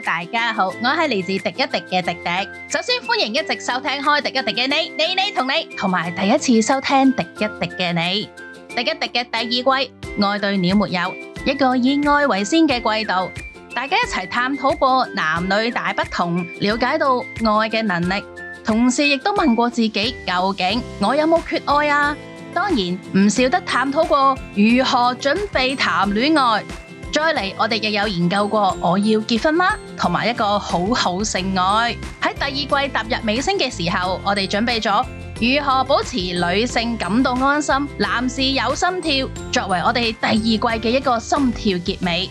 大家好，我係嚟自迪一迪嘅迪迪。首先歡迎一直收聽開迪一迪嘅你、你、你同你，同埋第一次收聽迪一迪嘅你，迪一迪嘅第二季，愛對鳥沒有一個以愛為先嘅季度，大家一齊探討過男女大不同，了解到愛嘅能力，同時亦都問過自己究竟我有冇缺愛啊？當然唔少得探討過如何準備談戀愛。再嚟，我哋亦有研究過我要結婚嗎，同埋一個好好性愛。喺第二季踏入尾聲嘅時候，我哋準備咗如何保持女性感到安心，男士有心跳，作為我哋第二季嘅一個心跳結尾。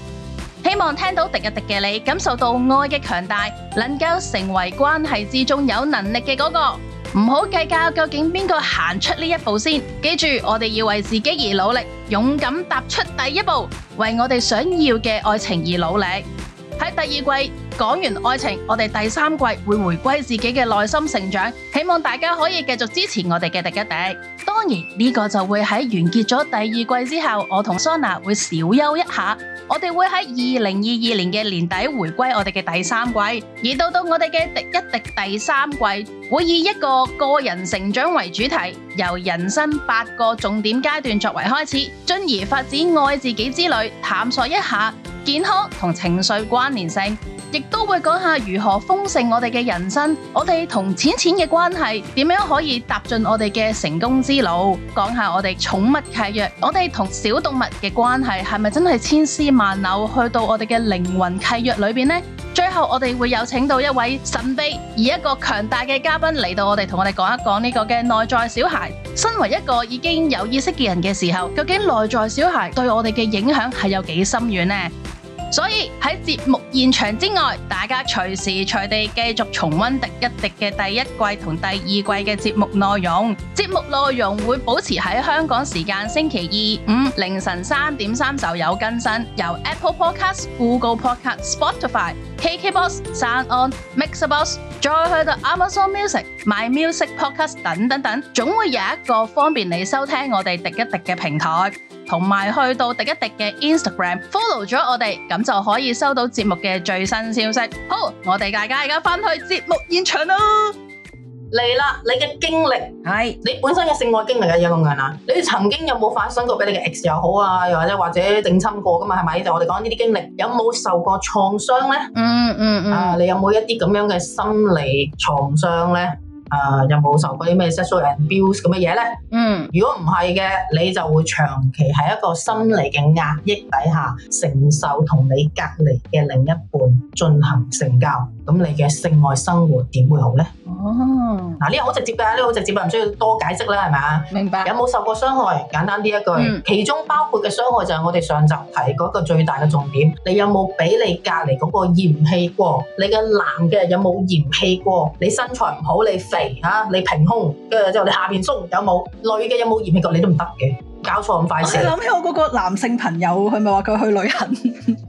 希望聽到迪一迪嘅你，感受到愛嘅強大，能夠成為關係之中有能力嘅嗰個。唔好計較究竟邊個行出呢一步先，記住我哋要為自己而努力，勇敢踏出第一步，為我哋想要嘅愛情而努力。喺第二季講完愛情，我哋第三季會回歸自己嘅內心成長，希望大家可以繼續支持我哋嘅第一滴。當然呢，呢個就會喺完結咗第二季之後，我同桑娜會小休一下。我哋會喺二零二二年嘅年底回歸我哋嘅第三季，而到到我哋嘅第一滴第三季，會以一個個人成長為主題，由人生八個重點階段作為開始，進而發展愛自己之旅，探索一下健康同情緒關聯性。亦都會講下如何豐盛我哋嘅人生，我哋同錢錢嘅關係點樣可以踏進我哋嘅成功之路？講下我哋寵物契約，我哋同小動物嘅關係係咪真係千絲萬縷去到我哋嘅靈魂契約裏邊呢？最後我哋會有請到一位神秘而一個強大嘅嘉賓嚟到我哋同我哋講一講呢個嘅內在小孩。身為一個已經有意識嘅人嘅時候，究竟內在小孩對我哋嘅影響係有幾深遠呢？所以喺節目現場之外，大家隨時隨地繼續重溫《迪一迪》嘅第一季同第二季嘅節目內容。節目內容會保持喺香港時間星期二、五凌晨三點三就有更新，由 Apple Podcast、Google Podcast、Spotify、KKBox、SoundOn、MixerBox 再去到 Amazon Music、My Music Podcast 等等等，總會有一個方便你收聽我哋《迪一迪》嘅平台。同埋去到滴一滴嘅 Instagram follow 咗我哋，咁就可以收到節目嘅最新消息。好，我哋大家而家翻去節目現場啦。嚟啦，你嘅經歷係是你本身嘅性愛經歷有冇嘅嗱？你曾經有冇發生過俾你嘅 ex 又好啊，又或者或者整親過噶嘛？係咪？就我哋講呢啲經歷，有冇受過創傷咧？嗯嗯嗯，啊，你有冇一啲咁樣嘅心理創傷咧？啊、有又冇受過啲咩 sexual abuse 咁嘅嘢咧？嗯，如果唔係嘅，你就會長期喺一個心理嘅壓抑底下，承受同你隔離嘅另一半進行性交。咁你嘅性愛生活點會好呢？哦，嗱，呢個好直接㗎，呢、呢個好直接啊，唔需要多解釋啦，係嘛？明白？有冇受過傷害？簡單呢一句，嗯、其中包括嘅傷害就係我哋上集提嗰個最大嘅重點，你有冇俾你隔離嗰個嫌棄過？你嘅男嘅有冇嫌棄過？你身材唔好，你肥你平胸，跟住之後你下面鬆有冇？女嘅有冇嫌棄過？你都唔得嘅。搞錯咁快先！諗起我嗰個男性朋友，佢咪話佢去旅行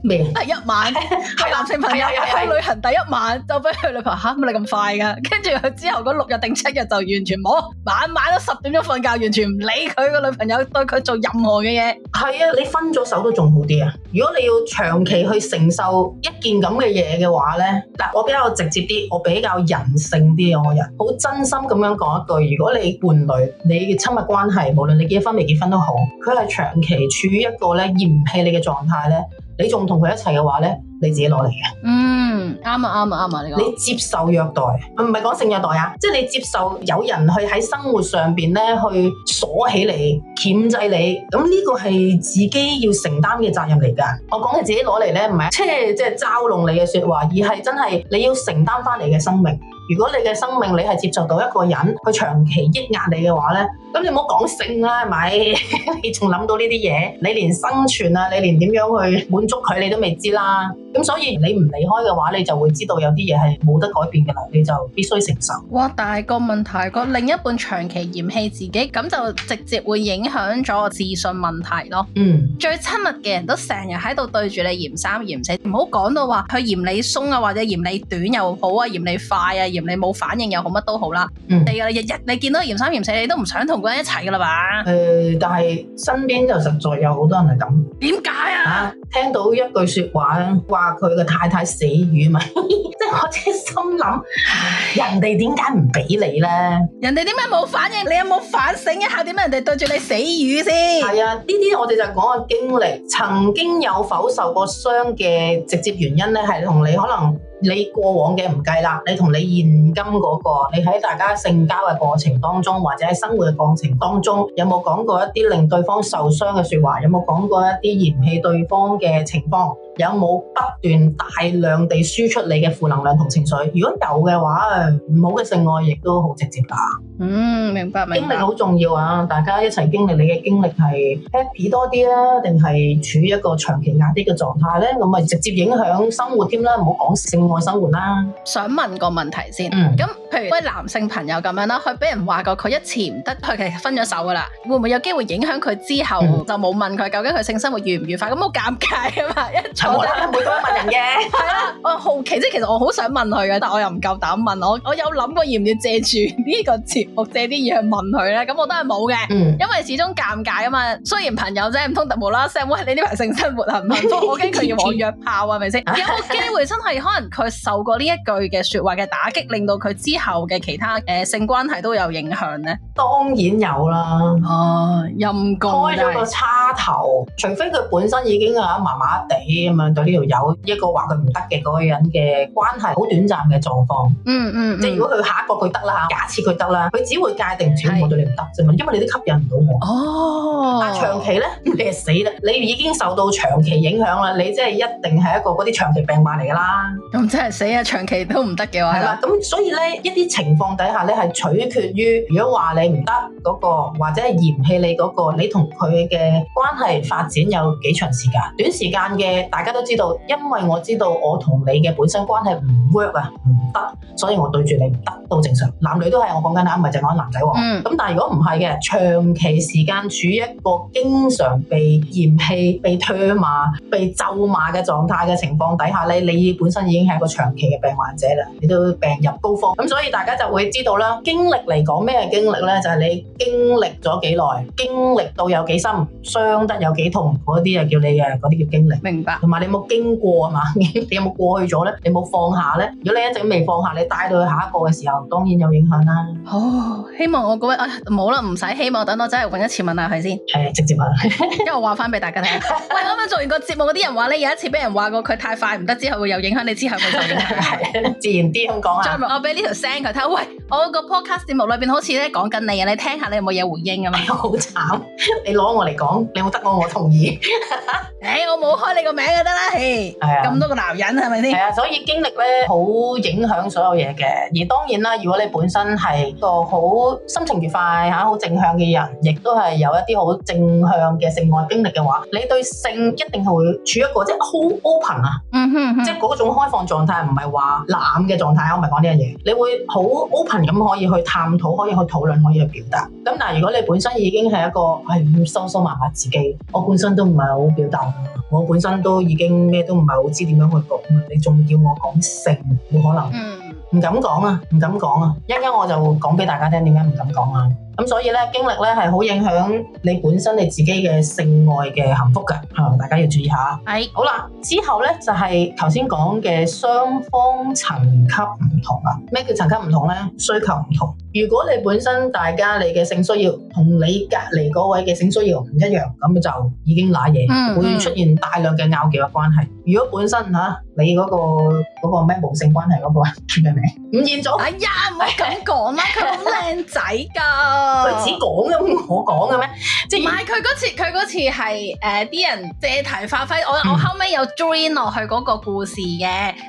咩？麼 第一晚係 男性朋友去旅行，第一晚 就俾佢女朋友嚇乜 何你咁快噶？跟住佢之後嗰六日定七日就完全冇晚晚都十點鐘瞓覺，完全唔理佢個女朋友對佢做任何嘅嘢。係啊，你分咗手都仲好啲啊！如果你要長期去承受一件咁嘅嘢嘅話咧，嗱，我比較直接啲，我比較人性啲嘅我人，好真心咁樣講一句：如果你伴侶、你嘅親密關係，無論你結婚未結婚都。佢係長期處於一個咧嫌棄你嘅狀態咧，你仲同佢一齊嘅話咧，你自己攞嚟嘅。嗯，啱啊啱啊啱啊，呢個、啊啊、你講，你接受虐待，唔係講性虐待啊，即係你接受有人去喺生活上邊咧去鎖起你、鉗制你，咁、嗯、呢、這個係自己要承擔嘅責任嚟噶。我講嘅自己攞嚟咧，唔係即係即係嘲弄你嘅說話，而係真係你要承擔翻嚟嘅生命。如果你嘅生命你係接受到一個人佢長期抑壓你嘅話呢，咁你唔好講性啦，係咪？ 你仲諗到呢啲嘢？你連生存啊，你連點樣去滿足佢你都未知啦。咁所以你唔離開嘅話，你就會知道有啲嘢係冇得改變嘅啦。你就必須承受。哇！但係個問題個另一半長期嫌棄自己，咁就直接會影響咗個自信問題咯。嗯，最親密嘅人都成日喺度對住你嫌三嫌四，唔好講到話佢嫌你鬆啊，或者嫌你短又好啊，嫌你快啊。嫌你冇反應又好，乜都好啦。係啊、嗯，你日日你見到嫌三嫌四，你都唔想同嗰人一齊噶啦嘛。誒、呃，但係身邊就實在有好多人係咁。點解啊，啊？聽到一句説話咧，話佢個太太死魚咪，即 係 我先心諗，人哋點解唔俾你咧？人哋點解冇反應？你有冇反省一下？點解人哋對住你死魚先？係啊，呢啲我哋就講個經歷，曾經有否受過傷嘅直接原因咧，係同你可能。你過往嘅唔計啦，你同你現今嗰個，你喺大家性交嘅過程當中，或者喺生活嘅過程當中，有冇講過一啲令對方受傷嘅説話？有冇講過一啲嫌棄對方嘅情況？有冇不斷大量地輸出你嘅負能量同情緒？如果有嘅話，唔好嘅性愛亦都好直接㗎。嗯，明白明白。經歷好重要啊！大家一齊經歷，你嘅經歷係 happy 多啲啦、啊，定係處於一個長期壓啲嘅狀態咧？咁咪直接影響生活添、啊、啦，唔好講性愛生活啦、啊。想問個問題先，咁、嗯嗯、譬如嗰位男性朋友咁樣啦，佢俾人話過佢一次唔得，佢其實分咗手㗎啦。會唔會有機會影響佢之後、嗯、就冇問佢究竟佢性生活愉唔愉快？咁好尷尬啊嘛！一我真係唔會咁問人嘅，係 啦， 我好奇即係其實我好想問佢嘅，但我又唔夠膽問我。我有諗過要唔要借住呢個節目借啲嘢去問佢咧，咁我都係冇嘅，嗯、因為始終尷尬啊嘛。雖然朋友啫，唔通突無啦啦聲，我你呢排性生活係唔同，我驚佢要往約炮啊，係咪先？有冇機會真係可能佢受過呢一句嘅説話嘅打擊，令到佢之後嘅其他誒、呃、性關係都有影響咧？當然有啦，啊、開咗個叉頭，是除非佢本身已經啊麻麻地。咁樣對呢條友一個話佢唔得嘅嗰個人嘅關係好短暫嘅狀況。嗯嗯，即係如果佢下一個佢得啦嚇，假設佢得啦，佢只會界定住我對你唔得啫嘛，因為你都吸引唔到我。哦，但係長期咧，你係死啦！你已經受到長期影響啦，你即係一定係一個嗰啲長期病患嚟㗎啦。咁、嗯、即係死啊！長期都唔得嘅話係啦。咁吧、嗯、所以咧，一啲情況底下咧係取決於，如果話你唔得嗰個，或者係嫌棄你嗰、嗰個，你同佢嘅關係發展有幾長時間？短時間嘅大家都知道，因為我知道我同你嘅本身關係唔 work 啊，唔得，所以我對住你唔得都正常。男女都係我講緊啊，唔係淨係講男仔喎。咁、嗯、但係如果唔係嘅，長期時間處於一個經常被嫌棄、被唾罵、被咒罵嘅狀態嘅情況底下咧，你本身已經係一個長期嘅病患者啦，你都病入膏肓。咁所以大家就會知道啦，經歷嚟講咩係經歷咧？就係、是、你經歷咗幾耐，經歷到有幾深，傷得有幾痛，嗰啲啊叫你嘅，嗰啲叫，叫經歷。明白。你有， 你有冇經過啊嘛？你有冇過去咗咧？你冇放下咧？如果你一直都未放下，你帶到去下一個嘅時候，當然有影響啦。哦，希望我嗰位啊，冇、哎、啦，唔使希望，等我走，係揾一次問下，佢先。係直接問、啊， 因為我話翻俾大家聽。 喂，啱啱做完個節目嗰啲人話咧，有一次俾人話過佢太快唔得，之後會有影響你之後嘅就話。係 自然啲咁、嗯、講啊。我俾呢條聲佢睇，喂，我個 podcast 節目裏邊好似咧講緊你啊，你聽下你有冇嘢回應啊嘛？好慘、哎，你攞我嚟講，你冇得我，我同意。誒、 哎，我冇開你個名得啦，係嘿，係啊，咁多個男人係咪先？係啊，所以經歷咧好影響所有嘢嘅。而當然啦，如果你本身係一個好心情愉快、吓好正向嘅人，亦都係有一啲好正向嘅性愛經歷嘅話，你對性一定係會處一個即係、好、open 啊、嗯哼，即係嗰種開放狀態，唔係話懶嘅狀態，我唔係講呢樣嘢。你會好 open 咁可以去探討，可以去討論，可以去表達。咁但係如果你本身已經係一個係要、哎、收收埋埋自己，我本身都唔係好表達，我本身都。已經咩都唔係好知點樣去講，你仲要我講性？冇可能，唔敢講啊，唔敢講啊，一陣間我就講俾大家聽，點解唔敢講啊？咁所以咧，經歷咧係好影響你本身你自己嘅性愛嘅幸福噶嚇，大家要注意下。係是好啦，之後咧就係頭先講嘅雙方層級唔同啊。咩叫層級唔同咧？需求唔同。如果你本身大家你嘅性需要同你隔離嗰位嘅性需要唔一樣，咁就已經瀨嘢，嗯嗯會出現大量嘅拗撬嘅關係。如果本身吓，你嗰、那個咩、那個、無性關係嗰、那個叫咩名？吳彥祖。哎呀，唔好咁講啦，佢好靚仔噶～ 佢只講嘅咩？我講嘅咩？即唔係佢嗰次，佢次係誒啲人借題發揮。我、嗯、我後尾有 join 落去嗰個故事嘅。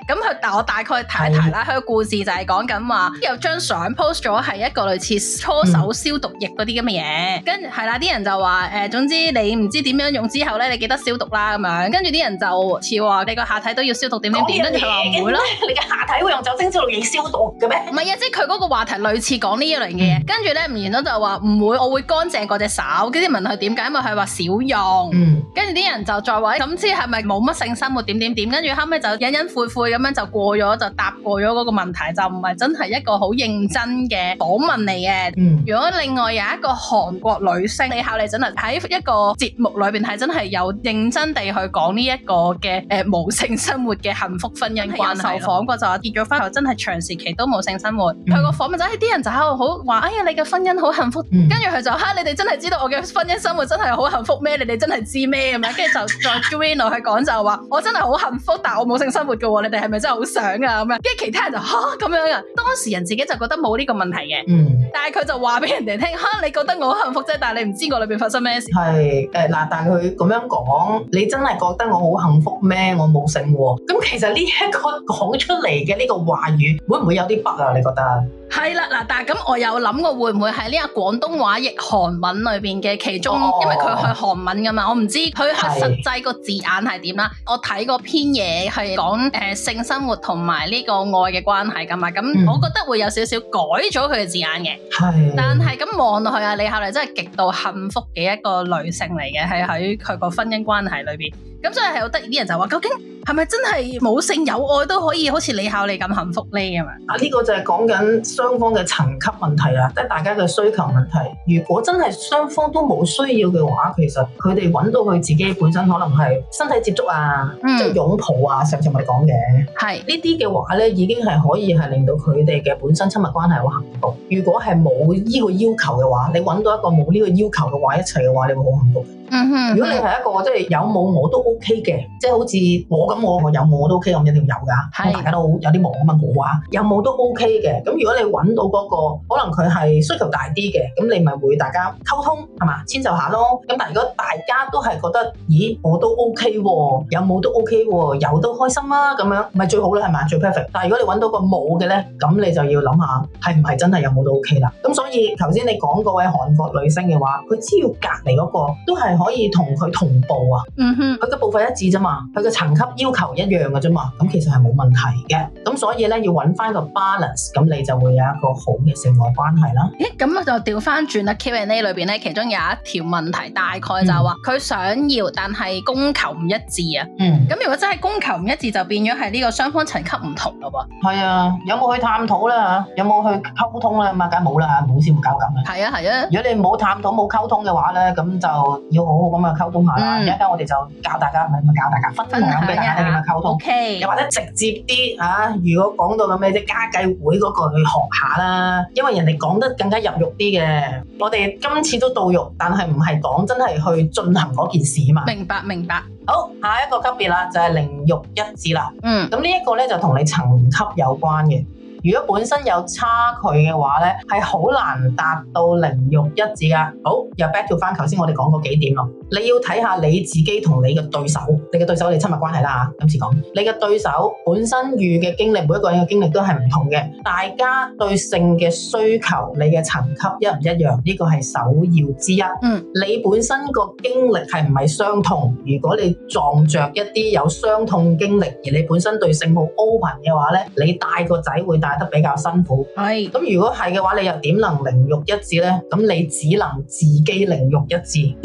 咁、嗯、佢，但我大概睇一睇啦。佢對 故事就係講緊話有張相 post 咗係一個類似搓手消毒液嗰啲咁嘅嘢。跟係、嗯、啦，啲人就話誒、呃，總之你唔知點樣用之後咧，你記得消毒啦咁樣。跟住啲人就似話你個下體都要消毒點點點。跟住佢話唔會咯，你嘅下體會用酒精之類嘢消毒嘅咩？唔係啊，即係佢嗰個話題類似講、嗯嗯、呢一類嘅嘢。嗯嗯、跟住咧，唔然都。嗯就話唔會，我會乾淨過隻手。跟住問佢點解，因為佢話少用。跟住啲人就再話咁，知係咪冇乜性生活點點點？跟住後尾就隱隱晦晦咁樣就過咗，就答過咗嗰個問題，就唔係真係一個好認真嘅訪問嚟嘅。如果另外有一個韓國女星，你考慮真係喺一個節目裏邊係真係有認真地去講呢一個嘅，誒冇性生活嘅幸福婚姻關係受訪過，就話結咗婚後真係長時期都冇性生活。佢個訪問就啲人就喺度好話，哎呀你嘅婚姻好。幸福，跟住佢就嚇、啊、你哋真係知道我嘅婚姻生活真係好幸福咩？你哋真係知咩咁咧？ 跟住就再 g w e n l 去講就話， 我真係好幸福，但我冇性生活噶，哦，你哋係咪真係好想啊咁樣？跟住其他人就吓咁，啊、樣啊！當時人自己就覺得冇呢個問題嘅，嗯、但係佢就話俾人哋聽，吓你覺得我好幸福啫，但係你唔知我裏邊發生咩事。係誒嗱，但係佢咁樣講，你真係覺得我好幸福咩？我冇性喎。咁其實呢一個講出嚟嘅呢個話語，會唔會有啲北啊？你覺得？係啦，嗱、啊，但係咁，我有諗過會唔會係呢個廣東話譯韓文裏邊嘅其中，哦、因為佢係韓文噶嘛，我唔知佢係實際個字眼係點啦。是我睇過篇嘢係講誒性生活同埋呢個愛嘅關係噶嘛，咁我覺得會有少少改咗佢嘅字眼嘅。係、嗯，但係咁望落去啊，李孝利真係極度幸福嘅一個女性嚟嘅，係喺佢個婚姻關係裏邊，咁所以係好得意啲人就話究竟。係咪真係冇性有愛都可以好似李孝利咁幸福呢？咁啊？啊、這、呢個就係講緊雙方嘅層級問題啊，即係大家嘅需求問題。如果真係雙方都冇需要嘅話，其實佢哋搵到佢自己本身可能係身體接觸啊，即係擁抱啊，上次咪哋講嘅係呢啲嘅話咧，已經係可以係令到佢哋嘅本身親密關係好幸福。如果係冇呢個要求嘅話，你搵到一個冇呢個要求嘅話一齊嘅話，你會好幸福。如果你係一個即係有冇我都 O K 嘅，即係好似我咁，我我有冇我都 O K，我唔一定要有噶。是大家都好有啲忙啊嘛，我話有冇都 O K 嘅。咁如果你揾到嗰個可能佢係需求大啲嘅，咁你咪會大家溝通係嘛，遷就下咯。咁但係如果大家都係覺得，咦，我都 O K 喎，有冇都 O K 喎，有都開心啊咁樣，咪最好啦，係咪啊？最 perfect。但係如果你揾到個冇嘅咧，咁你就要諗下係唔係真係有冇都 O K 啦。咁所以頭先你講嗰位韓國女星嘅話，佢只要隔離嗰個都係。可以同佢同步啊，嗯哼，佢嘅步伐一致啫嘛，佢嘅層級要求一樣嘅啫嘛，咁其實係冇問題嘅，咁所以咧，要揾翻個 balance，咁你就會有一個好嘅性愛關係啦。咦，咁就調翻轉啦，Q&A 裏邊咧，其中有一條問題，大概就話佢，嗯，想要，但係供求唔一致啊。嗯，咁如果真係供求唔一致，就變咗係呢個雙方層級唔同咯喎。係啊，有冇去探討咧，有冇去溝通咧？嘛，梗冇啦，冇先搞咁嘅。係啊係啊，啊如果你冇探討冇溝通嘅話咧，咁就要。好咁啊，溝通一下啦！而家、嗯、我哋就教大家，唔係唔係教大家分享俾大家，點樣溝通？又、嗯哎、或者直接啲嚇、啊，如果講到咁咩啫，家計會嗰、那個去學下啦，因為人哋講得更加入肉啲嘅。我哋今次都到肉，但係唔係講真係去進行嗰件事嘛。明白，明白。好，下一個級別啦，就係靈肉一致啦。嗯，咁呢一個咧就同你層級有關嘅。如果本身有差距嘅話咧，係好難達到靈慾一致噶。好，又 back to 翻頭先我哋講過幾點咯。你要睇下你自己同你嘅對手，你嘅對手我哋親密關係啦嚇，今次講，你嘅對手本身遇嘅經歷，每一個人嘅經歷都係唔同嘅。大家對性嘅需求、你嘅層級一唔一樣？呢、這個係首要之一。嗯，你本身個經歷係唔係傷痛，如果你撞着一啲有傷痛經歷，而你本身對性好 open 嘅話咧，你帶個仔會帶得比較辛苦，係咁，如果係嘅話，你又點能凌辱一子咧？咁你只能自己凌辱一子。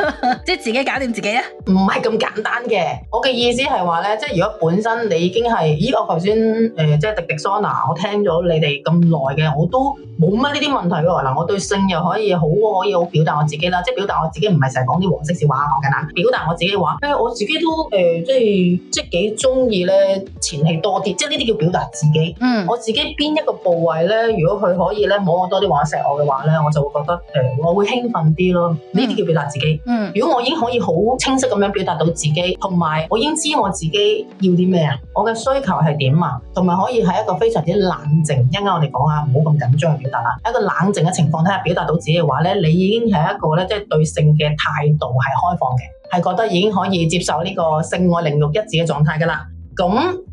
即係自己搞掂自己啊！唔係咁簡單嘅。我嘅意思係話咧，即係如果本身你已經係，咦？我頭先誒，即係迪迪桑 a 我聽咗你哋咁耐嘅，我都冇乜呢啲問題噶。嗱，我對性又可以好，可以好表達我自己啦。即係表達我自己唔係成日講啲黃色笑話啊嘛，咁表達我自己嘅話，誒、哎，我自己都誒、呃，即係即係幾中意咧前戲多啲。即係呢啲叫表達自己。嗯，我自己邊一個部位咧，如果佢可以咧摸我多啲或者錫我嘅話咧，我就會覺得誒、呃，我會興奮啲咯。呢啲叫表達自己。嗯嗯，如果我已經可以好清晰咁樣表達到自己，同埋我已經知我自己要啲咩啊，我嘅需求係點啊，同埋可以喺一個非常之冷靜，一陣間我哋講下，唔好咁緊張去表達啦，喺一個冷靜嘅情況底下表達到自己嘅話咧，你已經係一個咧，即係對性嘅態度係開放嘅，係覺得已經可以接受呢個性愛靈肉一致嘅狀態噶啦。咁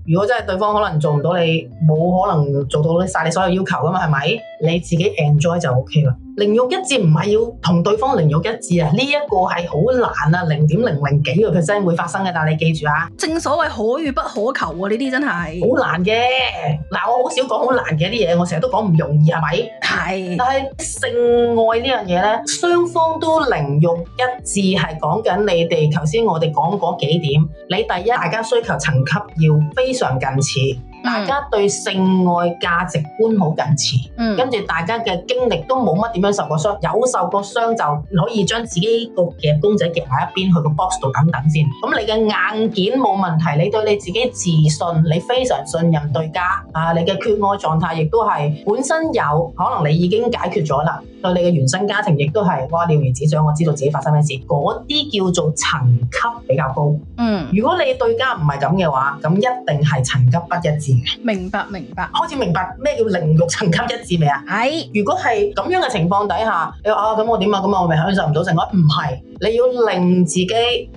如果真係對方可能做唔到你，冇可能做到晒你所有要求噶嘛，係咪？你自己 enjoy 就 OK 啦。靈肉一致唔係要同對方靈肉一致啊，呢、這、一個係好難啊，零點零零幾個 percent 會發生嘅，但你記住啊，正所謂可遇不可求啊，呢啲真係好難嘅。嗱，我好少講好難嘅啲嘢，我成日都講唔容易係、啊、咪？係是。但係性愛呢樣嘢咧，雙方都靈肉一致係講緊你哋頭先我哋講嗰幾點，你第一大家需求層級要非常近似。大家對性愛價值觀好近似，嗯、跟住大家嘅經歷都冇乜點樣受過傷，有受過傷就可以將自己個夾公仔夾埋一邊去個 box 度等等先。咁你嘅硬件冇問題，你對你自己自信，你非常信任對家，啊，你嘅缺愛狀態亦都係本身有可能你已經解決咗啦。對你嘅原生家庭亦都係哇了如指掌，我知道自己發生咩事，嗰啲叫做層級比較高。嗯，如果你對家唔係咁嘅話，咁一定係層級不一致嘅。明白明白，我開始明白咩叫靈肉層級一致未啊？哎，如果係咁樣嘅情況底下，你話咁我點啊？咁我咪享，啊，受唔到成個？唔係，你要令自己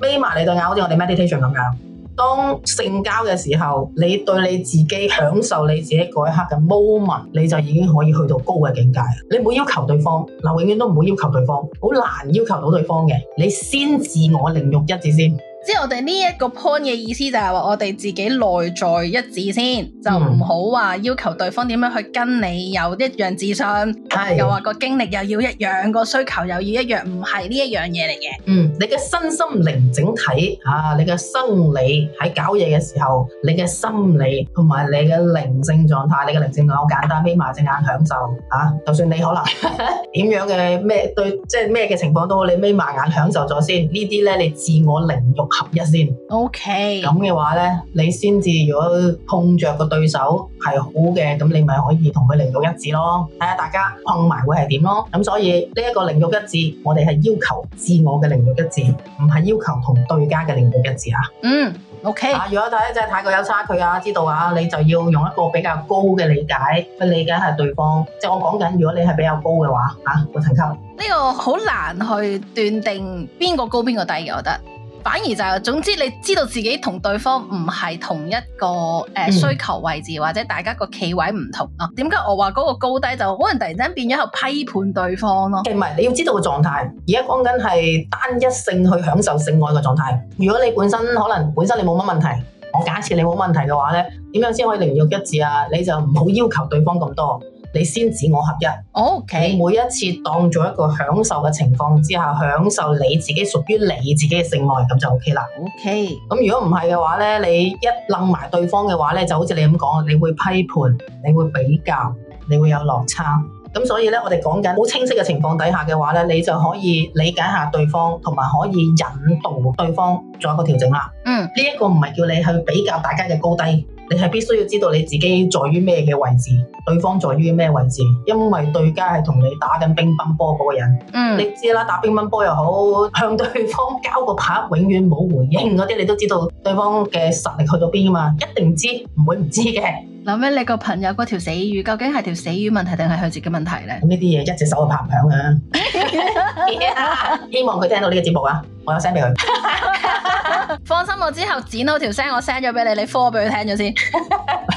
眯埋你對眼，好似我哋 meditation 咁樣。當性交嘅時候，你對你自己享受你自己嗰一刻嘅 moment，你就已經可以去到高嘅境界了。你唔好要求對方，嗱，永遠都唔好要求對方，好難要求到對方嘅，你先自我靈慾一致先。即係我哋呢一個 point 嘅意思就係話我哋自己內在一致先，嗯、就唔好話要求對方點樣去跟你有一樣自信，嗯、又話個經歷又要一樣，個需求又要一樣，唔係呢一樣嘢嚟嘅。嗯，你嘅身心靈整體啊，你嘅生理喺搞嘢嘅時候，你嘅心理同埋你嘅靈性狀態，你嘅靈性狀態好簡單，眯埋隻眼享受啊！就算你可能點 樣嘅咩對，即係咩嘅情況都好，你眯埋眼享受咗先，呢啲咧你自我靈慾。合一先，OK，咁嘅話咧，你先至如果碰着個對手係好嘅，咁你咪可以同佢靈慾一致咯。睇下大家碰埋會係點咯。咁所以呢一、這個靈慾一致，我哋係要求自我嘅靈慾一致，唔係要求同對家嘅靈慾一致。啊、嗯。嗯，OK。啊，如果大家真係太過有差距啊，知道啊，你就要用一個比較高嘅理解去理解下對方。即係我講緊，如果你係比較高嘅話，啊，嗰層級。呢個好難去斷定邊個高邊個低嘅，我覺得。反而就係，總之你知道自己同對方唔係同一個誒、呃、需求位置，或者大家個企位唔同咯。點、啊、解我話嗰個高低就可能突然間變咗係批判對方咯？唔係，你要知道個狀態，而家講緊係單一性去享受性愛嘅狀態。如果你本身可能本身你冇乜問題，我假設你冇問題嘅話咧，點樣先可以靈肉一致啊？你就唔好要，要求對方咁多。你先自我合一，O K。Okay. 你每一次當作一個享受嘅情況之下，享受你自己屬於你自己嘅性愛，咁就 O K 啦。O K。咁如果唔係嘅話咧，你一擸埋對方嘅話咧，就好似你咁講，你會批判，你會比較，你會有落差。咁所以咧，我哋講緊好清晰嘅情況底下嘅話咧，你就可以理解下對方，同埋可以引導對方做一個調整啦。嗯。呢一個唔係叫你去比較大家嘅高低。你係必須要知道你自己在於咩嘅位置，對方在於咩位置，因為對家係同你打緊乒乓波嗰個人。嗯，你知啦，打乒乓波又好，向對方交個拍，永遠冇回應嗰啲，你都知道對方嘅實力去到邊噶嘛，一定知，唔會唔知嘅。諗起，你個朋友嗰條死魚，究竟係條死魚問題，定係佢自己問題咧？咁呢啲嘢，一隻手就拍唔響噶。 yeah, 希望佢聽到呢個節目啊！我有聲俾佢。 放心，我之後剪到條聲，我 send 咗俾你，你 call 俾佢聽咗先，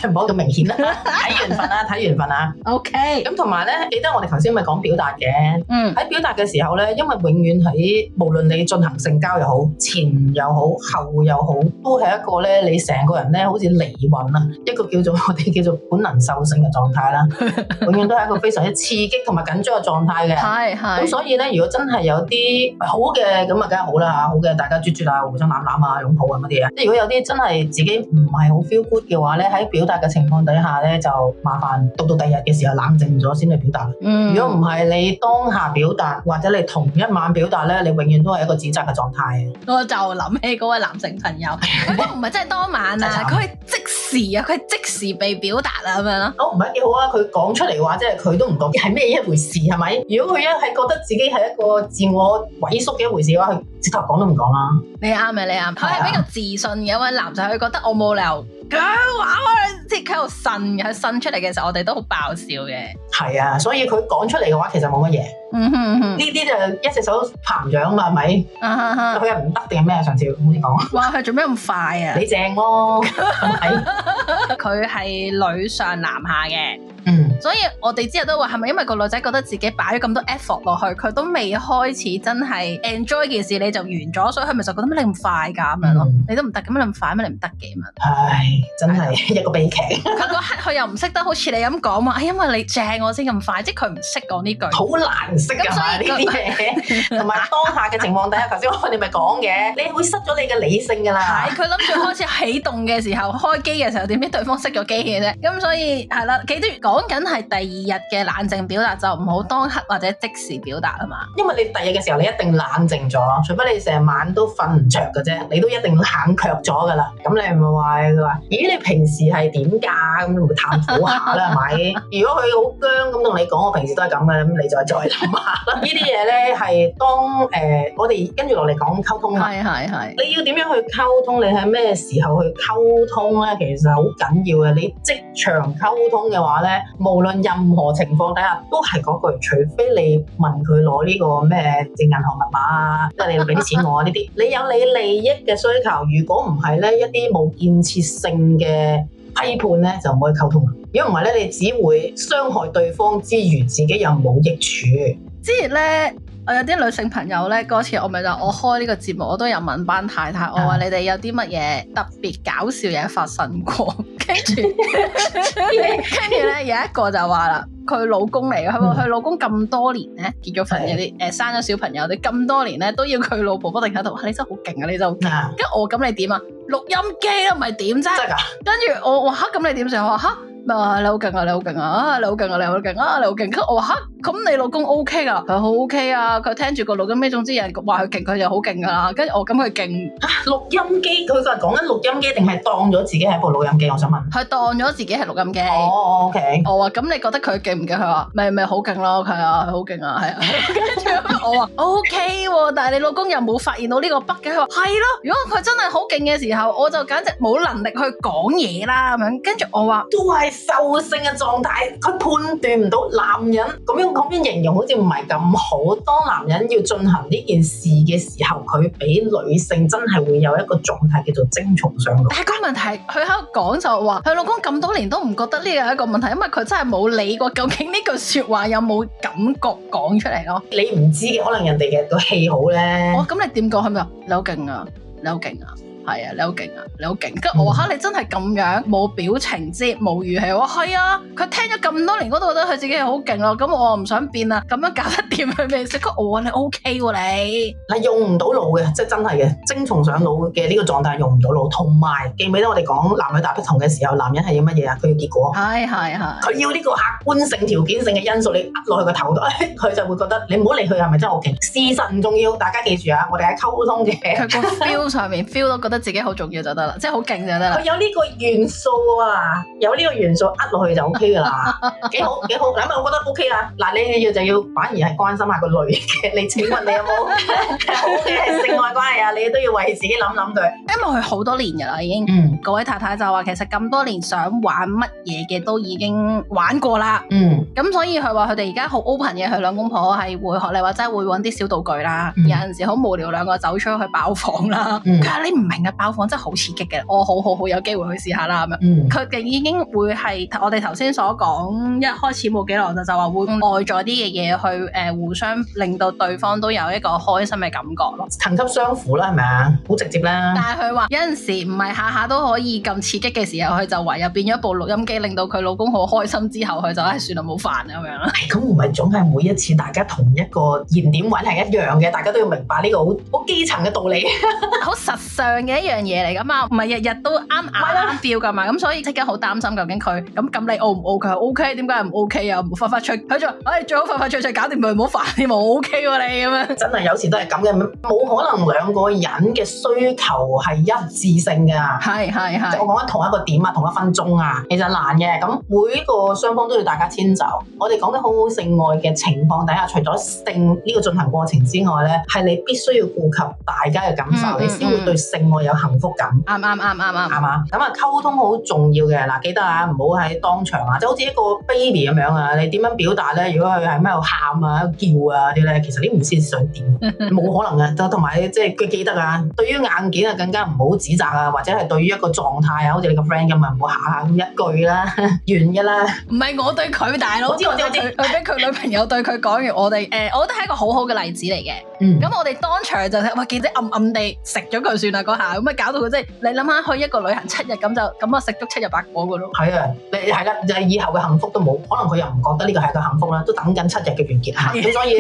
唔好咁明顯啦，睇緣分啦，睇緣分啊。OK，咁同埋咧，記得我哋頭先咪講表達嘅，嗯，喺表達嘅時候咧，因為永遠喺無論你進行性交又好，前又好，後又好，都係一個咧，你成個人咧好似離魂啊，一個叫做我哋叫做本能獸性嘅狀態啦， 永遠都係一個非常之刺激同埋緊張嘅狀態嘅，係係， 咁是所以咧，如果真係有啲好嘅，咁啊梗係好啦吓，好嘅大家啜啜下互相攬攬。啊，嘛擁抱啊乜啲嘢，即係、嗯、如果有啲真係自己唔係好 feel good 嘅話咧，喺表達嘅情況底下咧，就麻煩到到第二日嘅時候冷靜咗先去表達。如果唔係你當下表達，或者你同一晚表達咧，你永遠都係一個指責嘅狀態。我就諗起嗰位男性朋友，佢都唔係真係當晚啊，佢係即時啊，佢係即時、啊、即時被表達啦咁樣咯。好唔係幾好啊！佢講出嚟嘅話即係佢都唔覺係咩一回事係咪？如果佢一係覺得自己係一個自我萎縮嘅一回事嘅話，佢直頭講都唔講啦。你啱啊，你啊。你啊男佢係比較自信嘅，因為男仔佢覺得我冇理由。佢玩，即係佢喺度呻，佢呻出嚟嘅時候，我哋都好爆笑嘅。係啊，所以佢講出嚟嘅話，其實冇乜嘢。呢啲 就一隻手膨脹啊嘛，係咪？佢又唔得定係咩啊？上次同你講。 哇！佢做咩咁快啊？你正咯，哦，係佢係女上男下嘅。嗯，所以我哋之後都話係咪因為個女仔覺得自己擺咗咁多 effort 落去，佢都未開始真係 enjoy 件事，你就完咗，所以佢咪就覺得、嗯、你咁快噶咁樣咯？你都唔得，咁你咁快，乜你唔得嘅嘛？係吐。真係一個悲劇。佢嗰刻佢又唔識得好似你咁講嘛、哎，因為你正我先咁快，即係佢唔識講呢句。好難識啊！咁所以呢啲嘢同埋 當下嘅情況底下，頭先 我哋咪講嘅，你會失咗你嘅理性噶啦。係， 佢諗住開始啟動嘅時候，開機嘅時候點知對方熄咗機器啫。咁所以係啦，幾多講緊係第二日嘅冷靜表達就唔好當刻或者即時表達啊嘛。因為你第二日嘅時候你一定冷靜咗，除非你成晚都瞓唔着嘅啫，你都一定冷卻咗噶啦。咁你唔係話佢話。咦，你平時係點噶？咁你咪探討下啦，係咪？ 如果佢好僵咁同你講，我平時都係咁嘅，咁你再再諗下啦。 呢啲嘢咧係當誒、呃、我哋跟住落嚟講溝通啦。係係係， 你要點樣去溝通？你喺咩時候去溝通咧？其實好緊要嘅。你職場溝通嘅話咧，無論任何情況底下，都係嗰句，除非你問佢攞呢個咩，正銀行密碼啊，即係 你俾啲錢我呢啲。你有你利益嘅需求，如果唔係咧，一啲冇建設性嘅批判咧就唔可以溝通，如果唔係咧，你只會傷害對方之餘，自己又冇益處。之前咧。我有啲女性朋友咧，嗰、那個、次我咪就我開呢個節目，我都有問班太太，我話你哋有啲乜嘢特別搞笑嘢發生過？跟 住接著，跟住咧有一個就話啦，佢老公嚟嘅，佢話佢老公咁多年咧結咗婚有啲，誒的、呃、生咗小朋友，你咁多年咧都要佢老婆不停喺度，你真係好勁啊！你真係好勁，咁我咁你點啊？錄的、啊、音機唔咪點啫？跟住我，哇！咁你點先、啊？我話吓、啊。啊！你好勁啊！你好勁啊！啊！你好勁啊！你好勁啊！你好勁！跟住我話吓，咁你老公 O K 啊？佢好 O K 啊？佢聽住個錄音，咩？總之有人話佢勁，佢就好勁噶啦。跟住我咁佢勁，錄音機佢就係講緊錄音機，定係當咗自己係部錄音機？我想問，佢當咗自己係錄音機。哦，O K。我話咁你覺得佢勁唔勁？佢話咪咪好勁咯，係啊，好勁啊，係啊。跟住我話 O K，但係你老公又冇發現到呢個北嘅佢話係咯？如果佢真係好勁嘅時候，我就簡直冇能力去講嘢啦咁樣。跟住我話都係。獸性嘅狀態，佢判斷唔到男人，咁樣咁樣形容好似唔係咁好。當男人要進行呢件事嘅時候，佢比女性真係會有一個狀態叫做精蟲上腦。但係個問題，佢喺度講就話，佢老公咁多年都唔覺得呢個係一個問題，因為佢真係冇理過究竟呢句說話有冇感覺講出嚟咯。你唔知嘅，可能人哋嘅個氣好咧。我咁、哦、你點講係咪啊？你好勁啊，你好勁啊！係啊，你好勁啊，你好勁啊！跟住我話吓、嗯、你真係咁樣，冇表情之，冇語氣。我係啊，佢聽咗咁多年歌都覺得佢自己好勁咯。咁我唔想變啊，咁樣搞得掂佢咪識。我話你 OK 喎，啊，你係用唔到腦嘅，即係真係嘅，精蟲上腦嘅呢個狀態用唔到腦，同埋記唔記得我哋講男女大不同嘅時候，男人係要乜嘢啊？佢要結果。係係係。佢、哎哎、要呢個客觀性、條件性嘅因素，你壓落去個頭度，佢就會覺得你唔好理佢係咪真係 OK？事實唔重要，大家記住啊，我哋喺溝通嘅。個 feel 上面，feel 都覺得自己好重要就得啦，即係好勁就得啦。佢有呢個元素啊，有呢個元素，呃落去就 OK 噶啦，幾好幾好。嗱，因為我覺得 OK 啊，嗱，你要就要反而係關心下個女嘅。你請問你有冇 性愛關係啊？你都要為自己諗諗對。因為佢好多年噶啦，已經。嗯、各位太太就話，其實咁多年想玩乜嘢嘅都已經玩過啦。咁、嗯、所以佢話佢哋而家好 open 嘅，佢兩公婆係會學你話齋，會揾啲小道具啦。嗯、有陣時好無聊，兩個走出去爆房啦。佢話、嗯、你唔明。嘅包房真係好刺激嘅，我、哦、好好好有機會去試下啦咁樣。佢哋、嗯、已經會係我哋頭先所講，一開始冇幾耐就就話會外在啲嘅嘢去誒、呃，互相令到對方都有一個開心嘅感覺咯，層級相符啦，係咪啊？好直接啦。但係佢話有陣時唔係下下都可以咁刺激嘅時候，佢就唯有變咗部錄音機，令到佢老公好開心之後，佢就唉算啦，冇煩咁樣啦。咁唔係總係每一次大家同一個言點位係一樣嘅，大家都要明白呢個好好基層嘅道理，好 實相嘅。一樣嘢嚟，噶嘛，唔係日日都啱啱掉噶嘛，咁所以即刻好擔心究竟佢咁咁你 O 唔 O 佢 O K。點解唔 O K 啊？快快脆，佢就誒最好快快脆脆搞掂佢，唔好煩你冇 O K 你咁樣，真係有時都係咁嘅，冇可能兩個人嘅需求係一致性噶，係係係，我講緊同一個點啊，同一分鐘啊，其實難嘅，咁每個雙方都要大家遷就。我哋講緊好好性愛嘅情況底下，除咗性呢個進行過程之外咧，係你必須要顧及大家嘅感受，你先會對性愛。有幸福感、嗯，啱啱啱啱啱，係、嗯、嘛？咁、嗯、啊，溝通好重要嘅嗱，記得啊，唔好喺當場啊，就是、好似一個 baby 咁樣啊，你點樣表達咧？如果佢喺咩度喊啊、叫啊啲咧，其實你唔先想點，冇 可能啊。同埋即係佢記得啊，對於硬件啊，更加唔好指責啊，或者係對於一個狀態啊，好似你個 friend 咁啊，唔好下下咁一句啦， 完噶啦。唔係我對佢大佬，好似 我啲我俾佢女朋友對佢講完我，我哋誒，我覺得係一個好好嘅例子嚟嘅。咁、嗯、我哋當場就喂記得暗暗地食咗佢算啦，下。有乜搞到佢啫？你諗下去一個旅行七日，咁就咁啊食足七日百果噶咯。係啊，你係啦，就係以後嘅幸福都冇。可能佢又唔覺得呢個係個幸福啦，都等緊七日嘅完結啊。 所以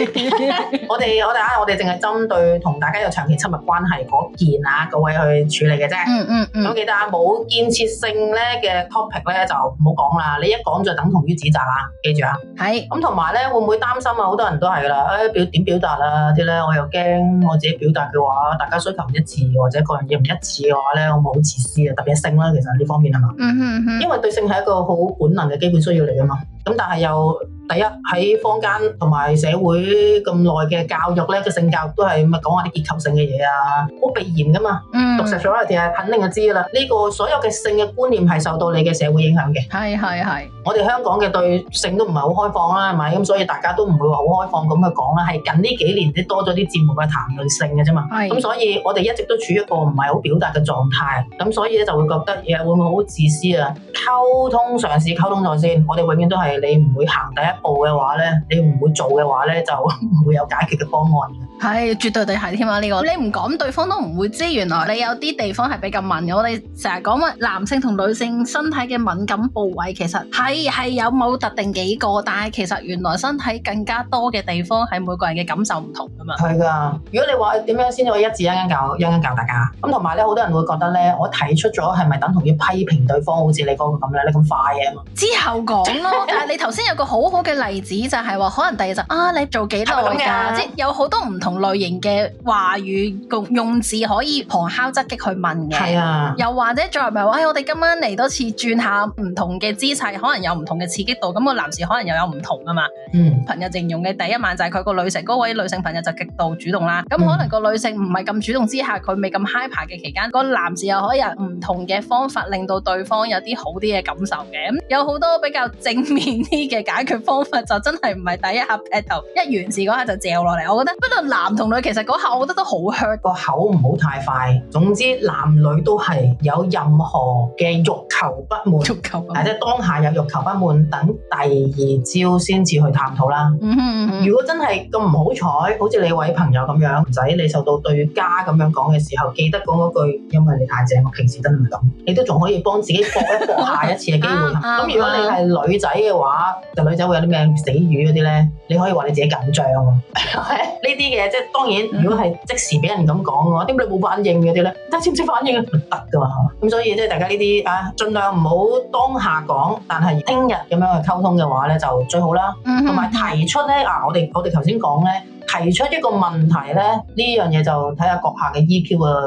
我哋，我哋我哋啊，我哋淨係針對同大家有長期親密關係嗰件啊，各位去處理嘅啫、嗯。嗯嗯嗯。咁記得啊，冇建設性咧嘅 topic 咧就唔好講啦。你一講就等同於指責啦。記住啊。係是。咁同埋咧，會唔會擔心啊？好多人都係噶啦。誒、哎，表點表達啊？啲咧，我又驚我自己表達嘅話，大家需求唔一致，或者個人一次嘅話咧，我咪好自私啊！特別性啦，其實呢方面係嘛，因為對性係一個好本能嘅基本需要嚟噶嘛。咁但係又第一喺坊間同埋社會咁耐嘅教育咧個性教育都係咁啊講下啲結構性嘅嘢啊好避嫌噶嘛，嗯、讀實咗嘅嘢肯定就知噶啦。呢、這個所有嘅性嘅觀念係受到你嘅社會影響嘅。係係係。我哋香港嘅對性都唔係好開放啦，係咪？咁所以大家都唔會話好開放咁去講啦。係近呢幾年啲多咗啲節目嘅談論性嘅啫嘛。係是。咁所以我哋一直都處於一個唔係好表達嘅狀態，咁所以咧就會覺得嘢會唔會好自私啊？溝通嘗試溝通咗先，我哋永遠都係。你唔會行第一步嘅話咧，你唔會做嘅話咧，就唔會有解決嘅方案。係、哎、絕對對係添啊！呢、這個你唔講，對方都唔會知。原來你有啲地方係比較敏感。我哋成日講乜男性同女性身體嘅敏感部位，其實係係有冇特定幾個，但係其實原來身體更加多嘅地方，係每個人嘅感受唔同噶嘛。係噶樣。如果你話點樣先可以一字一間教一間教大家，咁同埋咧，好多人會覺得咧，我提出咗係咪等同於批評對方？好似你講咁咧，你咁快啊嘛？之後講咯。 你頭先有個好好嘅例子，就係話可能第二集啊，你做幾耐㗎？是、是、即有好多唔同類型嘅話語用字，可以旁敲側擊去問嘅。係啊，又或者再唔係話，我哋今晚嚟多次轉下唔同嘅姿勢，可能有唔同嘅刺激度。咁個男士可能又有唔同啊嘛。嗯，朋友形容嘅第一晚就係佢個女性嗰位女性朋友就極度主動啦。咁可能個女性唔係咁主動之下，佢未咁 hyper 嘅期間，嗰個男士又可以有唔同嘅方法令到對方有啲好啲嘅感受嘅。咁有好多比較正面。 啲嘅解決方法就真係唔係第一下劈頭 a 一完事嗰下，就嚼落嚟。我覺得，不過男同女其實嗰下，我覺得都好香，a 個口唔好太快。總之，男女都係有任何嘅欲求不滿，即係當下有欲求不滿，等第二朝先至去探討啦。如果真係咁唔好彩，好似你位朋友咁樣仔，你受到對家咁樣講嘅時候，記得講嗰句：因為你太正。我平時真唔係咁，你都仲可以幫自己搏一搏下一次嘅機會。咁、 嗯啊嗯嗯、如果你係女仔嘅話，話就女仔會有啲咩死魚嗰啲咧，你可以話你自己緊張，啊，呢啲嘅即係當然。如果係即時俾人咁講嘅話，點解你冇反應嗰啲咧？但係識唔識反應啊？唔得噶嘛，咁所以即係大家呢啲啊，盡量唔好當下講，但係聽日咁樣去溝通嘅話咧就最好啦。同埋、嗯、哼提出咧啊，我哋我哋頭先講咧。提出一個問題咧，呢樣嘢就睇下閣下嘅 EQ 啊，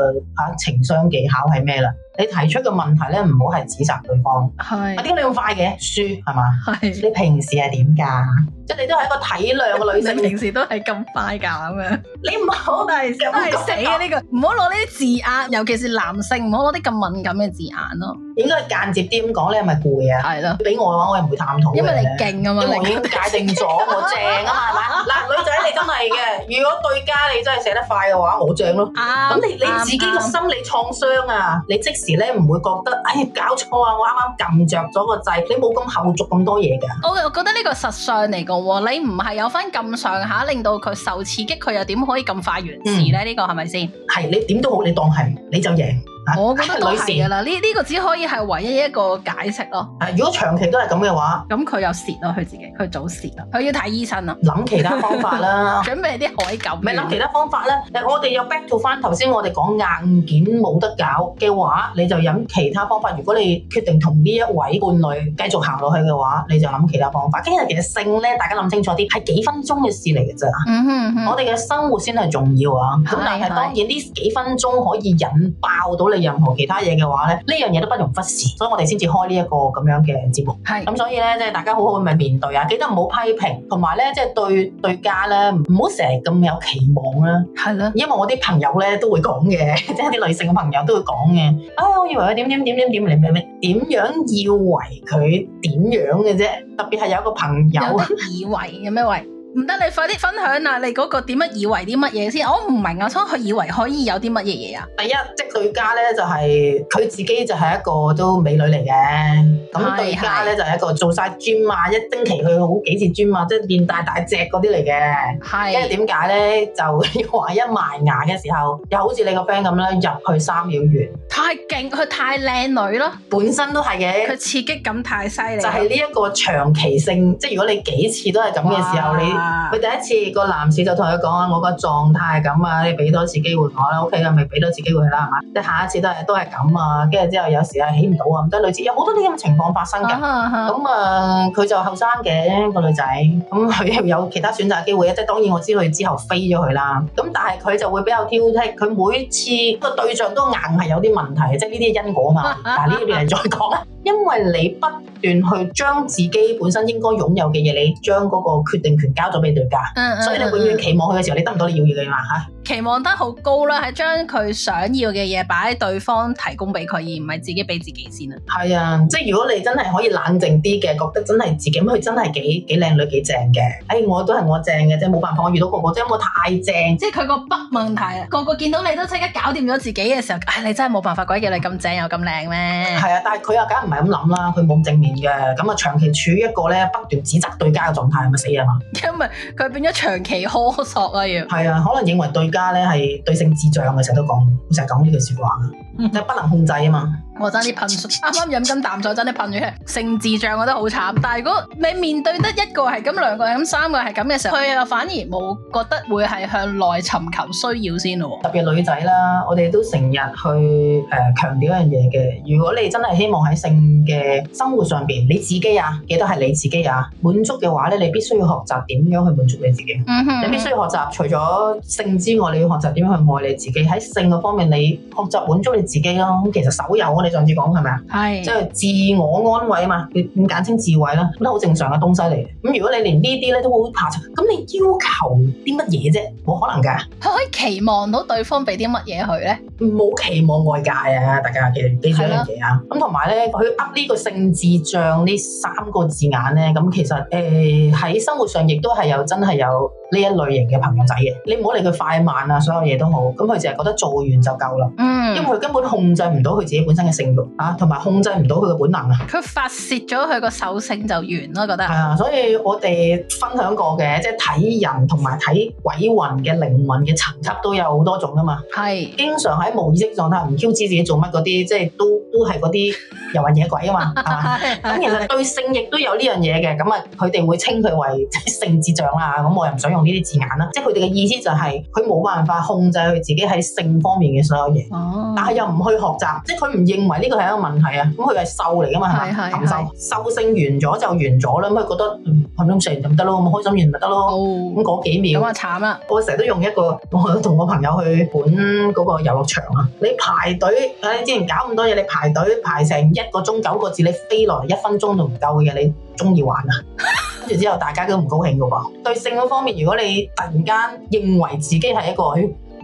嚇情商技巧係咩啦？你提出嘅問題咧，唔好係指責對方。係。點解你咁快嘅？輸係嘛？係。你平時係點噶？即係你都係一個體諒嘅女性。你平時都係咁快㗎？咁樣。你唔好係都係死嘅呢個，唔好攞呢啲字眼，尤其是男性，唔好攞啲咁敏感嘅字眼咯。應該間接啲咁講，你係咪攰啊？係啦。俾我嘅話，我係唔會探討嘅。因為你勁啊嘛。因為我已經界定咗，我正啊嘛，係咪？嗱，女仔你真係～如果對家你真係寫得快嘅話，我賬咯。咁、嗯、你你自己個心理創傷啊，嗯、你即時咧唔會覺得，哎，搞錯啊！我啱啱撳着咗個掣，你冇咁後續咁多嘢㗎。我我覺得呢個實相嚟嘅喎，你唔係有翻咁上下，令到佢受刺激，佢又點可以咁快完事咧？呢、嗯、個係咪先？係你點都好，你當係你就贏。啊、我覺得都係㗎啦，呢呢、呃、個只可以係唯一一個解釋咯。係、呃、如果長期都係咁嘅話，咁佢、嗯、有蝕咯，佢自己佢早蝕啦，佢要睇醫生啦，諗其他方法啦， 準備啲海狗，咪諗其他方法咧。 我哋有 back to 翻頭先，我哋講硬件冇得搞嘅話，你就飲其他方法。如果你決定同呢一位伴侶繼續行落去嘅話，你就諗其他方法。今日其實性咧，大家諗清楚啲，係幾分鐘嘅事嚟嘅啫。嗯哼，我哋嘅生活先係重要啊。咁但係當然呢幾分鐘可以引爆到你。任何其他嘢嘅話咧，呢樣嘢都不容忽視，所以我哋先至開呢一個咁樣嘅節目。係咁是，所以咧即係大家好好咁去面對啊，記得唔好批評，同埋咧即係對對家咧唔好成日咁有期望啦。係咯的，因為我啲朋友咧都會講嘅，即係啲女性嘅朋友都會講嘅。啊、哎，我以為佢點點點點點，你明明點樣要為佢點樣嘅啫，特別係有一個朋友以為有咩為。 唔得，你快啲分享下你嗰個點樣以為啲乜嘢先？我唔明啊，所以佢，以為可以有啲乜嘢嘢啊？第一，即對家咧就係、是、佢自己就係一個都美女嚟嘅，咁對家咧是是 就係一個做晒磚嘛，一星期去好幾次磚嘛、啊，即係練大大隻嗰啲嚟嘅。係。是 因為點解咧？就話一埋牙嘅時候，又好似你個 friend 咁啦，入去三秒完。太勁！佢太靚女咯，本身都係嘅。佢刺激感太犀利。就係呢一個長期性，即係如果你幾次都係咁嘅時候，啊、你。佢第一次個男士就同佢講啊，我個狀態咁啊，你俾多次機會我啦，OK 啦，咪俾多次機會佢啦，係，即下一次都係都係咁啊，跟住之後有時又起唔到啊，咁都類似，有好多啲咁嘅情況發生㗎。咁啊，佢、啊呃、就後生嘅個女仔，咁佢又有其他選擇機會啊。即係當然我知佢之後飛咗佢啦。咁但係佢就會比較挑剔，佢每次個對象都硬係有啲問題，即係呢啲因果嘛。啊啊啊啊、但係呢邊再講。因為你不斷去將自己本身應該擁有嘅嘢，你將嗰個決定權交咗俾對家，嗯嗯嗯、所以你永遠期望佢嘅時候，你得唔到你要嘅嘢啦，係。期望得好高啦，喺將佢想要嘅嘢擺喺對方提供俾佢，而唔係自己俾自己先啊。係啊，即係如果你真係可以冷靜啲嘅，覺得真係自己佢真係幾幾靚女幾正嘅，哎我都係我正嘅啫，冇辦法我遇到個個即係我太正，即係佢個不問題啊，個個見到你都即刻搞掂咗自己嘅時候，哎你真係冇辦法鬼叫你咁正又咁靚咩？係啊，但係佢又梗唔係咁諗啦，佢冇正面嘅，咁啊長期處於一個咧不斷指責對家嘅狀態係咪死啊嘛？因為佢變咗長期苛索啊要。係啊，可能認為對。而家咧，係對性智障嘅時候都講，我成日講呢句說話。你不能控制啊嘛！ 我爭啲噴水，啱啱飲緊啖水，真啲噴咗。佢性智障我覺得好慘，但係如果你面對得一個係咁，兩個係咁，三個係咁嘅時候，佢又反而冇覺得會係向內尋求需要先咯。 特別女仔啦，我哋都成日去誒、呃、強調一樣嘢嘅。如果你真係希望喺性嘅生活上邊你自己啊，亦都係你自己啊滿足嘅話咧，你必須要學習點樣去滿足你自己。 你必須要學習除咗性之外，你要學習點樣去愛你自己。喺性嘅方面，你學習滿足你。 自己咯咁，其實手有啊。你上次講係咪啊？係，是即係自我安慰啊嘛，咁簡稱自慰啦，咁都好正常嘅東西嚟。咁如果你連呢啲咧都好怕，咁你要求啲乜嘢啫？冇可能㗎。佢可以期望到對方俾啲乜嘢佢咧？唔好期望外界啊，大家其實記住一樣嘢啊。咁同埋咧，佢呃呢個性智障呢三個字眼咧，咁其實誒喺、欸、生活上亦都係有真係有呢一類型嘅朋友仔嘅。你唔好理佢快慢啊，所有嘢都好。咁佢淨係覺得做完就夠啦。嗯。因為佢根控制唔到佢自己本身嘅性欲啊，同埋控制唔到佢嘅本能啊，佢發泄咗佢個獸性就完咯，我覺得係啊，所以我哋分享過嘅，即係睇人同埋睇鬼魂嘅靈魂嘅層級都有好多種噶嘛，係是經常喺無意識狀態唔 Q 知自己做乜嗰啲，即係都都係嗰啲遊魂野鬼啊嘛，咁其實對性亦都有呢樣嘢嘅，咁啊佢哋會稱佢為性智障啊，咁我又唔想用呢啲字眼啦，即係佢哋嘅意思就係佢冇辦法控制佢自己喺性方面嘅所有嘢，哦， 但係又。唔去學習，即係佢唔認為呢個係一個問題啊。咁佢係瘦嚟噶嘛係咪？感受收聲完咗就完咗啦。咁佢覺得唔咁完就唔得咯，咁、嗯、開心完咪得咯。咁嗰、哦嗯、幾秒咁啊，就慘啦！我成日都用一個，我同我朋友去本嗰個遊樂場啊。你排隊、啊、你之前搞咁多嘢，你排隊排成一個鐘九個字，你飛落嚟一分鐘都唔夠嘅。你中意玩啊？跟 住之後大家都唔高興噶噃。對性嗰方面，如果你突然間認為自己係一個，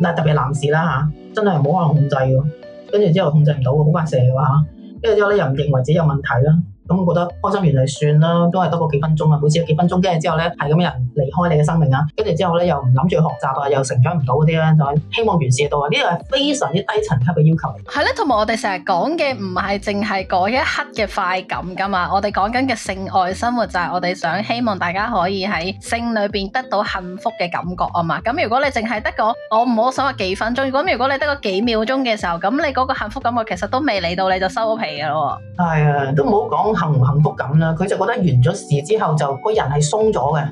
嗱特別男士啦嚇、啊，真係冇可能控制嘅。跟住之後控制唔到好快射嘅話，跟住、啊、之後咧又唔認為自己有問題啦、啊。咁、嗯、我覺得開心完嚟算啦，都係多過幾分鐘啊，每次幾分鐘。跟住之後咧，係咁人離開你嘅生命啊。跟住之後咧，又唔諗住去學習啊，又成長唔到嗰啲咧，就希望完事到啊。呢個係非常之低層級嘅要求嚟。係咧，同埋我哋成日講嘅唔係淨係嗰一刻嘅快感噶嘛，我哋講緊嘅性愛生活就係我哋想希望大家可以喺性裏邊得到幸福嘅感覺啊嘛。咁如果你淨係得個，我唔好所謂幾分鐘。咁如果你得個幾秒鐘嘅時候，咁你嗰個幸福感覺其實都未嚟到，你就收咗皮嘅咯。係啊、哎，都唔好講。幸唔幸福感啦，佢就覺得完咗事之後就個人係鬆咗嘅，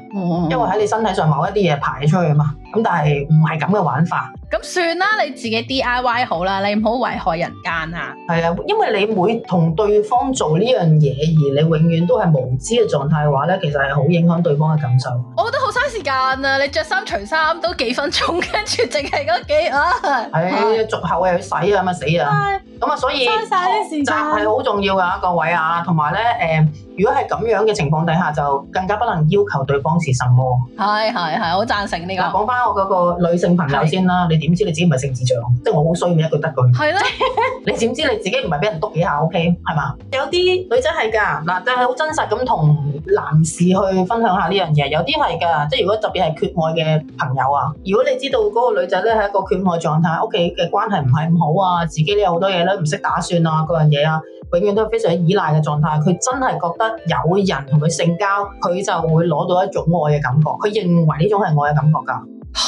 因為喺你身體上某一啲嘢排出去嘛。咁但係唔係咁嘅玩法，咁算啦，你自己 DIY 好啦，你唔好危害人間啊！係啊，因為你每同對方做呢樣嘢，而你永遠都係無知嘅狀態嘅話咧，其實係好影響對方嘅感受。我覺得好嘥時間啊！你着衫除衫都幾分鐘，跟住淨係嗰幾啊，唉，續後又要洗啊，咁咪死啊！咁啊，所以晒啲時間係好重要噶，各位啊，同埋咧，誒，如果係咁樣嘅情況底下，就更加不能要求對方是什麼。係係係，好贊成呢個。講翻。我嗰個女性朋友先啦，是你點知你自己唔係性子長？是即係我好衰，咪一句得句。係咧是的， 你點知你自己唔係俾人督幾下？OK，係嘛？Okay? 有啲女仔係㗎，嗱，但係好真實咁同男士去分享下呢樣嘢。有啲係㗎，即係如果特別係缺愛嘅朋友啊，如果你知道嗰個女仔咧係一個缺愛狀態，屋企嘅關係唔係咁好啊，自己都有好多嘢咧唔識打算啊，嗰樣嘢啊。永遠都係非常依賴嘅狀態，佢真係覺得有人同佢性交，佢就會攞到一種愛嘅感覺，佢認為呢種係愛嘅感覺㗎。嚇，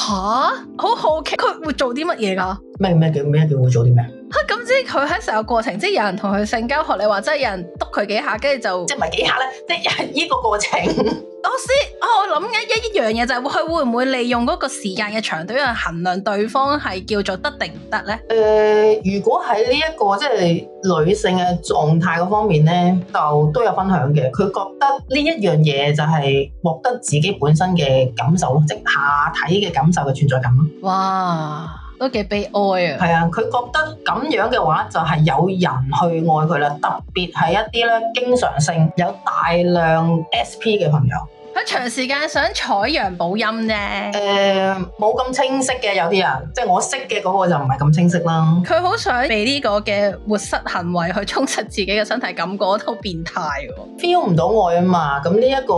好好奇，佢會做啲乜嘢㗎？咩叫咩叫會做啲咩？咁即係佢喺成個過程，即係有人同佢性交，學你話齋，有人督佢幾下，跟住就即係唔係幾下咧，即係呢個過程 老師。我知，我諗緊一一樣嘢就係，佢會唔會利用嗰個時間嘅長短去衡量對方係叫做得定唔得咧？誒、呃，如果喺呢一個即係、就是、女性嘅狀態嗰方面咧，就都有分享嘅。佢覺得呢一樣嘢就係獲得自己本身嘅感受咯，即、就是、下體嘅感受嘅存在感咯。哇！都幾悲哀啊！係啊，佢覺得咁樣嘅話，就係有人去愛佢啦，特別係一啲咧經常性有大量 SP 嘅朋友。佢長時間想採陽補陰咧，誒冇咁清晰嘅，有啲人，即係我識嘅嗰個就唔係咁清晰啦。佢好想被呢個嘅活塞行為去充實自己嘅身體，感覺都變態喎。feel 唔到愛啊嘛，咁呢一個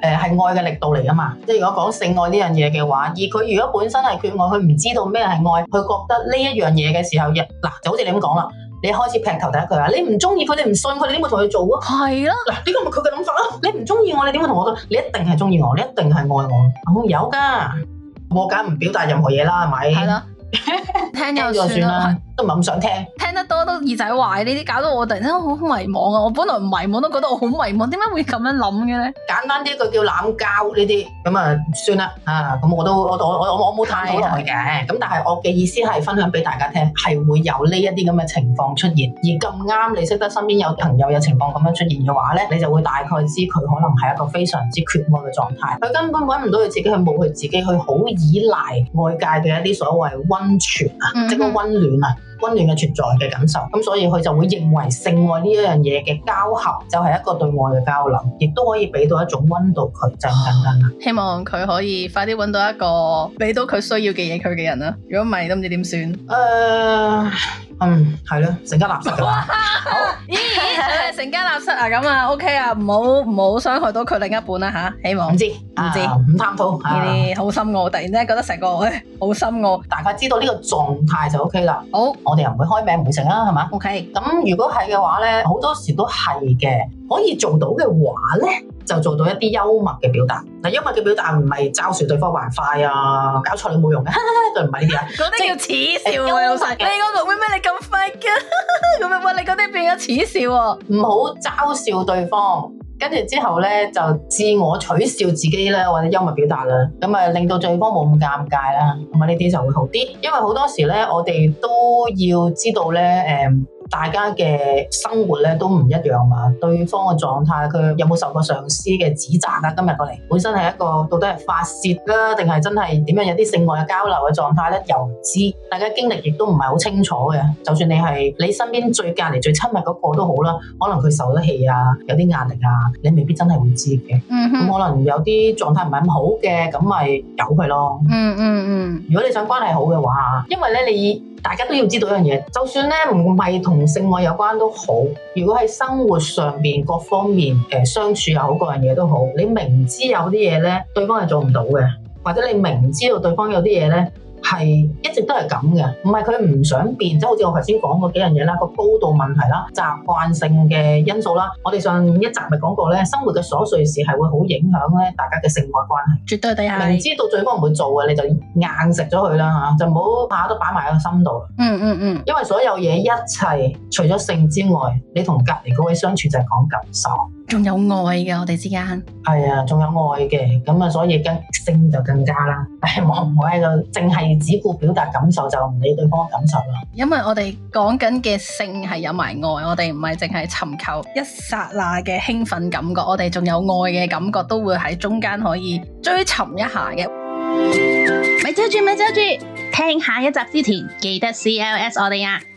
誒係、呃、愛嘅力度嚟啊嘛，即係如果講性愛呢樣嘢嘅話，而佢如果本身係缺愛，佢唔知道咩係愛，佢覺得呢一樣嘢嘅時候，嗱、啊，就好似你咁講啦。你開始劈頭第一句啦，你唔中意佢，你唔信佢，你點會同佢做啊？係啦，嗱，呢個咪佢嘅諗法啦。你唔中意我，你點會同我做？你一定係中意我，你一定係愛我。哦、有㗎，嗯、我梗係唔表達任何嘢啦，係咪？係咯、啊， 聽又算啦。 都唔係咁想聽，聽得多都耳仔壞呢啲，搞到我突然間好迷茫啊！我本來唔迷茫，都覺得我好迷茫，點解會咁樣諗嘅咧？簡單啲，佢叫濫交呢啲，咁啊，算啦啊！咁我都我都我我我冇探討落去嘅，咁的但係我嘅意思係分享俾大家聽，係會有呢一啲咁嘅情況出現。而咁啱你識得身邊有朋友有情況咁樣出現嘅話咧，你就會大概知佢可能係一個非常之缺愛嘅狀態。佢根本揾唔到佢自己，去冇佢自己去好依賴外界嘅一啲所謂溫泉啊，嗯、哼即係個溫暖啊。温暖嘅存在嘅感受，咁所以佢就會認為性愛呢一樣嘢嘅交合就係一個對外嘅交流，亦都可以俾到一種温度佢，就希望佢可以快啲揾到一個俾到佢需要嘅嘢佢嘅人啦。如果唔係都唔知點算。Uh 嗯，係咯，成家立室。咦，成家立室啊，咁啊，OK 啊，唔好唔好傷害到佢另一半啦吓，希望唔知唔知唔貪圖啊，呢啲、啊、好深奧，啊、突然之間覺得成個誒、哎、好深奧。大概知道呢個狀態就 OK 啦。好，我哋又唔會開名唔會成啊，係嘛？OK。咁如果係嘅話呢，好多時都係嘅。可以做到嘅話咧，就做到一啲幽默嘅表達。嗱，幽默嘅表達唔係嘲笑對方還快啊，搞錯你冇用嘅。對，唔係呢啲啊，嗰啲 即叫恥笑啊，老實嘅。你嗰個為咩你咁快嘅？咁啊，哇！你嗰啲變咗恥笑喎。唔好嘲笑對方，跟住之後咧就自我取笑自己咧，或者幽默表達啦。咁啊，令到對方冇咁尷尬啦。咁啊，呢啲就會好啲。因為好多時咧，我哋都要知道咧，誒、嗯。嗯大家嘅生活咧都唔一樣嘛，對方嘅狀態佢有冇受過上司嘅指責啊？今日過嚟本身係一個到底係發泄啦、啊，定係真係點樣有啲性愛嘅交流嘅狀態咧？又唔知，大家經歷亦都唔係好清楚嘅。就算你係你身邊最隔離、最親密嗰個都好啦，可能佢受得氣啊，有啲壓力啊，你未必真係會知嘅。嗯哼，咁可能有啲狀態唔係咁好嘅，咁咪由佢咯。嗯嗯嗯，如果你想關係好嘅話，因為咧你。大家都要知道一樣嘢，就算呢唔係同性愛有關都好，如果喺生活上面各方面誒相處又好，各樣嘢都好，你明知有啲嘢咧，對方係做唔到嘅，或者你明知道對方有啲嘢咧。係一直都係咁嘅，唔係佢唔想變，即係好似我頭先講嗰幾樣嘢啦，個高度問題啦，習慣性嘅因素啦，我哋上一集咪講過咧，生活嘅瑣碎事係會好影響大家嘅性愛關係，絕對係啲，明知道對方唔會做嘅，你就硬食咗佢啦，就唔好把都擺埋喺心度，嗯。嗯嗯嗯，因為所有嘢一切除咗性之外，你同隔籬嗰位相處就係講感受。仲有愛嘅，我哋之間係啊，仲有愛嘅，咁啊，所以跟性就更加啦，我唔係喺度，淨係只顧表達感受就唔理對方感受啦。因為我哋講緊嘅性係有埋愛，我哋唔係淨係尋求一剎那嘅興奮感覺，我哋仲有愛嘅感覺都會喺中間可以追尋一下嘅。咪住住，咪住住，聽下一集之前記得 CLS 我哋啊！